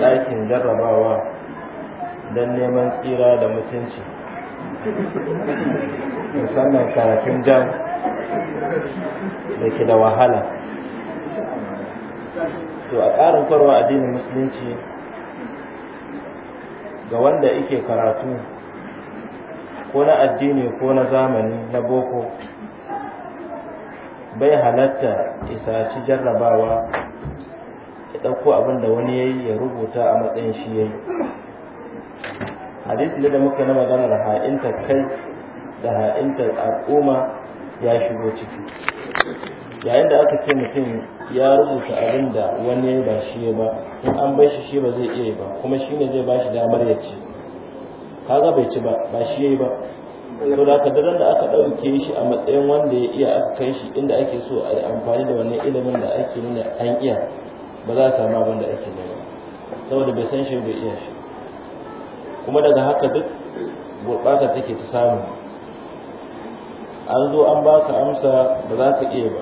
ɗakin jarrabawa don neman tsira da mutunci musamman karatun jam da ke da wahala to a ƙarin kwarwa addinin musulunci ga wanda ike karatu ko na addini ko na zamani na boko bai halatta isaci jarrabawa ɗauko abin da wani ya ya rubuta a matsayin shi ya yi hadisi da muka na da ha'inta kai da ha'inta al'umma ya shigo ciki yayin da aka ce mutum ya rubuta abin da wani ya ba shi ba in an bai shi shi ba zai iya ba kuma shi ne zai ba shi damar ya ci kaga bai ci ba ba shi yayi ba so da aka da aka ɗauke shi a matsayin wanda ya iya aka kai shi inda ake so a amfani da wannan ilimin da ake nuna an iya ba za a samu abin da ake nema saboda bai san shi bai iya shi kuma daga haka duk gurɓata take ta samu an zo an ba ka amsa ba za ka iya ba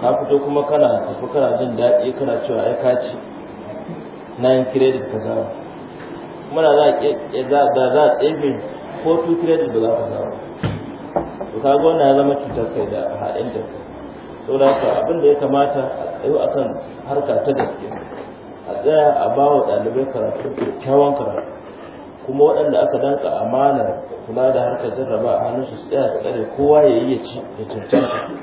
ka fito kuma kana tafi kana jin daɗi kana cewa ai ka ci na yin kiredit ka samu kuma da za a tsefe ko tu kiredit ba za ka samu to kaga wannan ya zama cutar kai da haɗin kai saboda abin da ya kamata a yi akan harka ta gaske a tsaya a ba wa ɗalibai karatu kyakkyawan karatu kuma waɗanda aka danka amana kula da harkar jarraba a hannun su tsaya su tsare kowa ya yi ya cancanta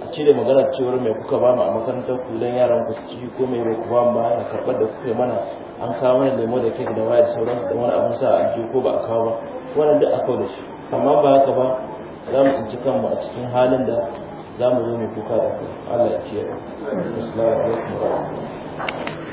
a cire maganar cewar mai kuka ba mu a makarantar ku don yaran ku su ci ko mai ku ba mu ba karɓar da kuka mana an kawo mana lemo da kek da waya da sauran da wani abin sa a ko ba a kawo ba wannan duk akwai da shi amma ba haka ba za mu tsinci kanmu a cikin halin da za mu yi mai kuka da ku Allah ya ciyar. Assalamu alaikum